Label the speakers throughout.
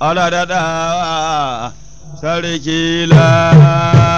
Speaker 1: adadada sarki la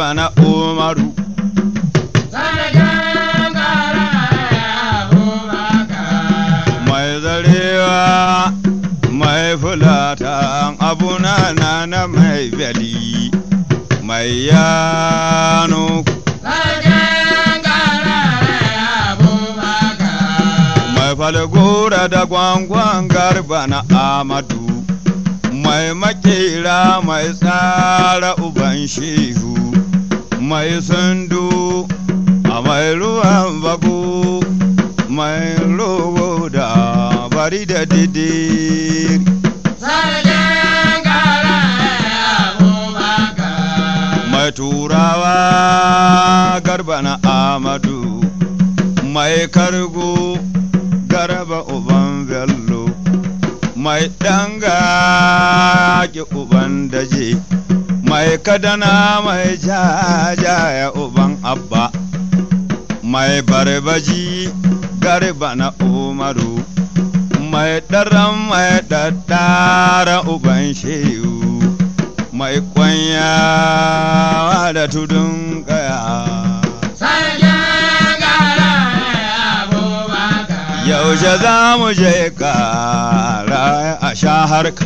Speaker 1: bana umaru mai zarewa mai fulata abuna nana mai beli mai yano mai falgora da gwangwan garba na amadu mai makera mai tsara uban shehu mai sandu a mai ruwan baku mai rogo da bari da mai turawa garba na amadu mai kargo garba uban bello mai danga ki uban daje mai kadana mai jajaya uban abba mai barbaji garba na umaru mai ɗaran mai ɗaɗɗara uban shehu mai kwanya da tudun kaya yaushe za mu je kara a sha harka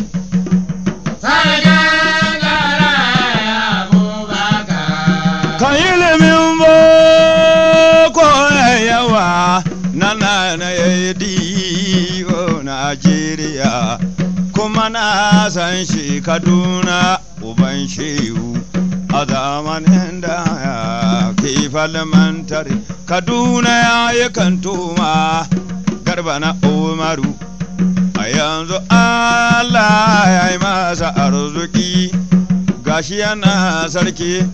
Speaker 1: nana na diyo Najeriya kuma na san shi Kaduna uban shehu a zamanin da ke falmantare Kaduna ya yi kantoma garba na Umaru a yanzu Allah ya yi masa arziki gashi yana sarki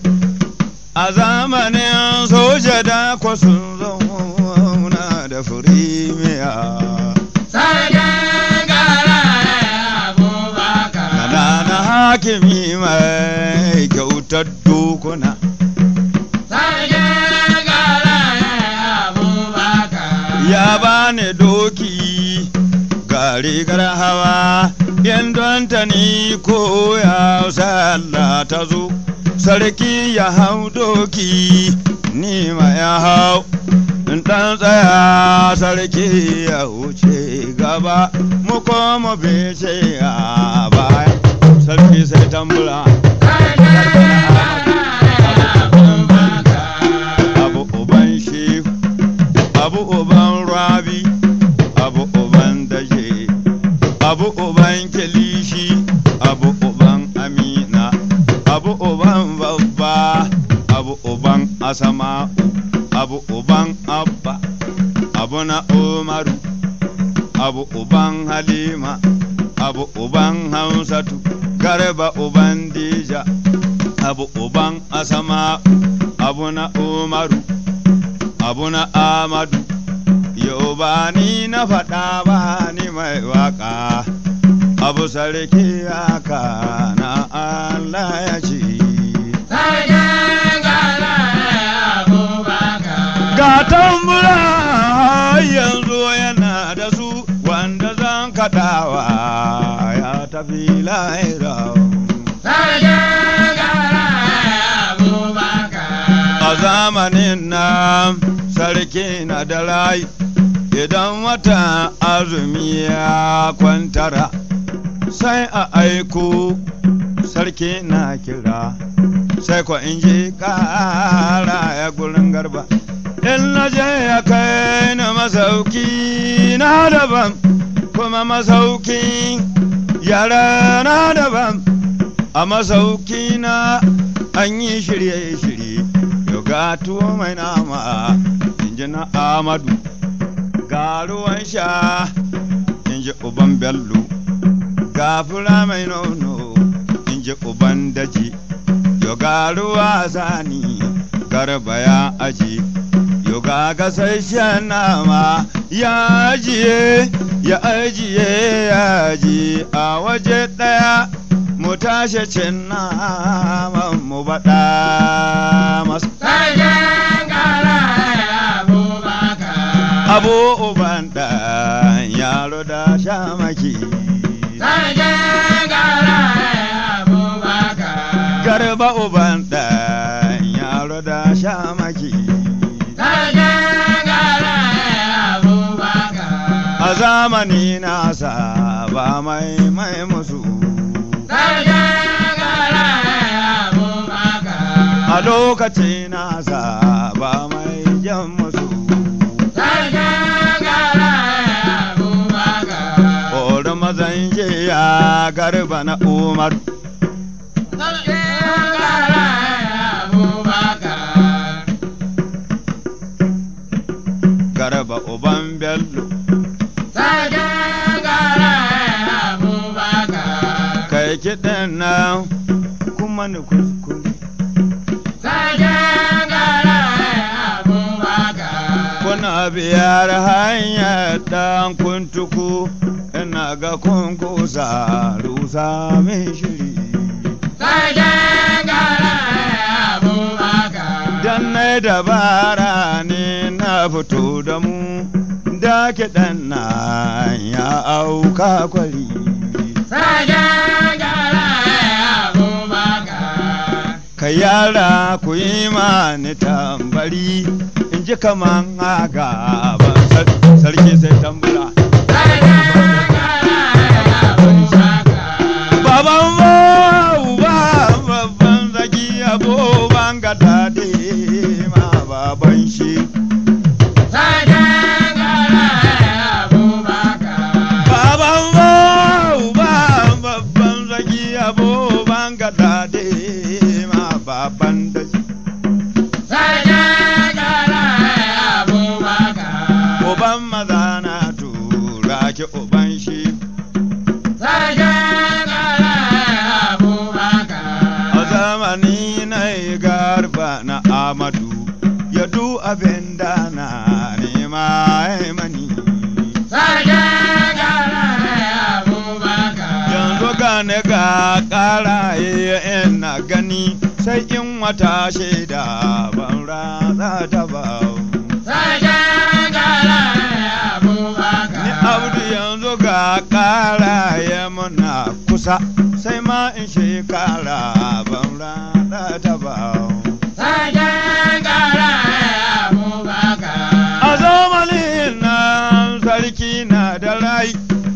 Speaker 1: a zamanin soja da kwasun kuna ya bani doki gari gara hawa yan don ta ni ko ya sallah ta zo sarki ya hau doki ni ma ya hau in ɗan tsaya sarki ya wuce gaba mu koma bece a baya sarki sai tambura abu uban kilishi abu uban amina abu uban babba abu uban asama'u abu uban abba abu na umaru abu uban halima abu uban hausatu garba uban dija abu uban asama'u abu na umaru abu na amadu yau ba ni na faɗa ba mai waka abu sarki haka na Allah ya ci
Speaker 2: ga tambura
Speaker 1: yanzu yana da su wanda zan kaɗawa ya tafi lahira a zamanin na sarki na da rai idan wata azumi ya kwantara sai a aiko sarki na kira sai ko in ji kara ya gurin garba in na je ya kai na masauki na daban kuma masauki yara na daban a masauki na an yi shirye-shirye yoga ga tuwo mai nama injina na amadu ga ruwan sha in ji uban bello ga fura mai nono in ji uban daji yo ga ruwa zani garba ya aji yo ga gasashen nama ya ajiye ya ajiye ya aji a waje ɗaya mu tashe cin naman mu baɗa masu abu uban da yaro da shamaki
Speaker 2: zanje gara baka
Speaker 1: garba uban da yaro da shamaki
Speaker 2: zanje gara baka
Speaker 1: a zamani nasa ba mai mai musu
Speaker 2: zanje gara
Speaker 1: baka a na nasa ba mai jan mazan jiya garba na umar garba uban bello kai kiɗin kuma ni kuskure kuna biyar hanyar ɗan kuntuku na ga kunkusa rusa min shiri.
Speaker 2: Sarkin gara abubakar.
Speaker 1: Dan na dabara ne na fito da mu, da kiɗan na ya auka kwari.
Speaker 2: Sarkin gara abubakar.
Speaker 1: Ka yara ku yi mani tambari, in ji kaman aga ban sarki sai tambara. manga dade ma baban raye ina gani sai in wata shaida ban raza ta ba. Ni abdu yanzu ga ya muna kusa sai ma in shekara ban rana ta ba. Sarki na da rai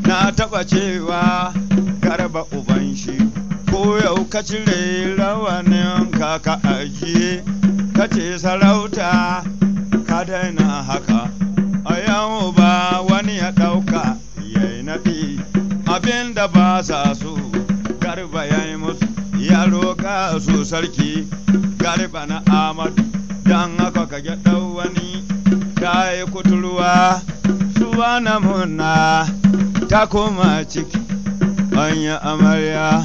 Speaker 1: na taɓa cewa garba uban shi yau ka cire rawanin ka ajiye ka ce sarauta ka daina haka a yau ba wani ya ɗauka ya yi naɗi abin da ba sa so garba ya yi musu ya roƙa su sarki garba na amadu don haka ka ga wani ta yi kuturwa suwa na muna ta koma ciki an amarya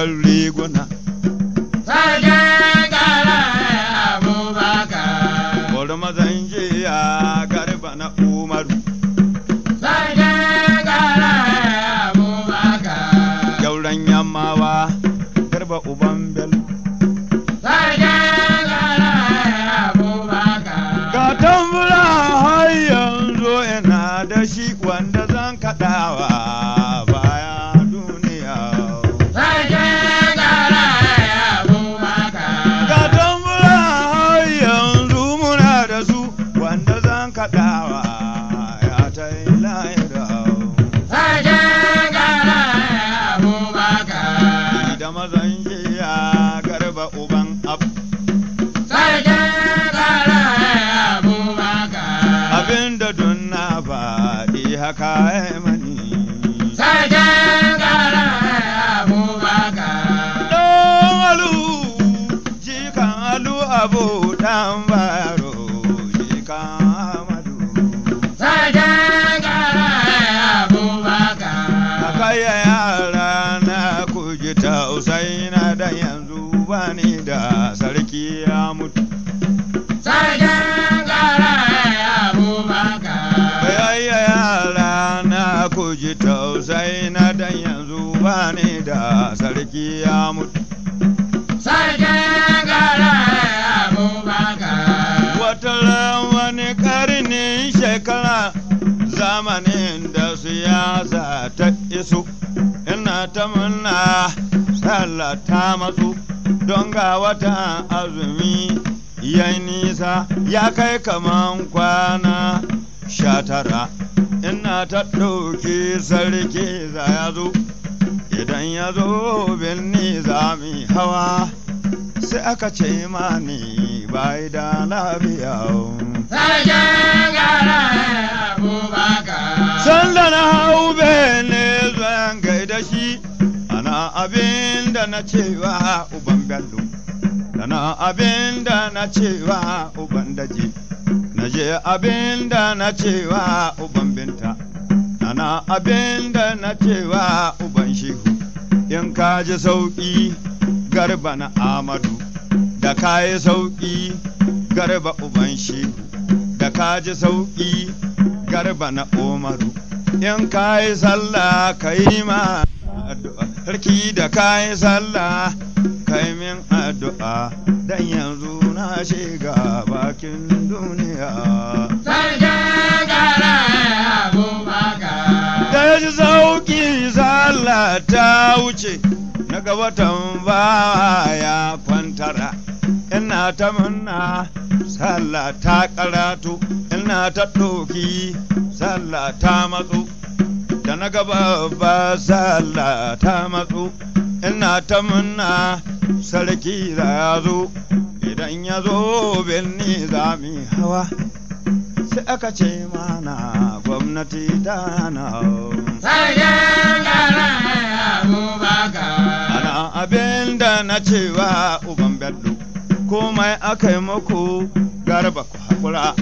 Speaker 1: bakar riguna
Speaker 2: sarkin kara abubakar
Speaker 1: bari mazan garba na umaru sarki ya mutu.
Speaker 2: Sarkin gara abubakar.
Speaker 1: Wata wani karni shekara zamanin da siyasa ta iso. Ina ta muna sallah ta matsu don ga wata azumi ya nisa ya kai kaman kwana sha tara. Ina ta ɗauki sarki za ya zo. idan ya zo birni za mu hawa sai aka ce mani bai da labiya san da na hau bene zan gaida shi ana abin da na cewa uban bello dana abin da na cewa uban daji na je abin da na cewa uban binta Ana abin da na cewa uban shehu in ka ji sauƙi garba na amadu da ka yi sauƙi garba uban shehu da ka ji sauƙi garba na umaru in ka yi sallah ka yi ma sarki da ka yi sallah ka yi min addu'a dan yanzu na shiga bakin duniya
Speaker 2: sarki gara abu
Speaker 1: ya zauki sallah ta wuce na gaba tambaya fantara ina ta munna sallah ta karatu ina ta ɗoki sallah ta matsu da na gaba ba sallah ta matsu ina ta munna sarki da zo idan yazo zo birni za mu hawa sai aka ce mana gwamnati ta na Ana abin na cewa uban bello, komai aka yi muku garba ku haƙura,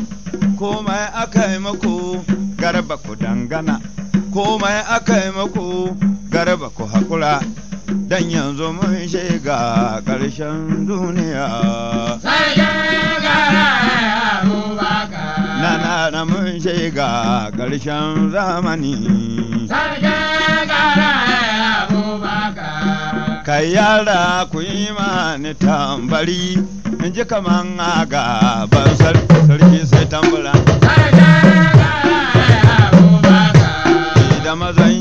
Speaker 1: komai aka yi muku garba ku dangana, komai aka yi muku garba ku haƙura. Dan yanzu mun shiga ƙarshen duniya.
Speaker 2: Sai gara abubakar. Na
Speaker 1: na na mun shiga ƙarshen zamani. kai yara ku yi mani tambari
Speaker 2: in ji kaman a gaban sarki sai tambura da mazan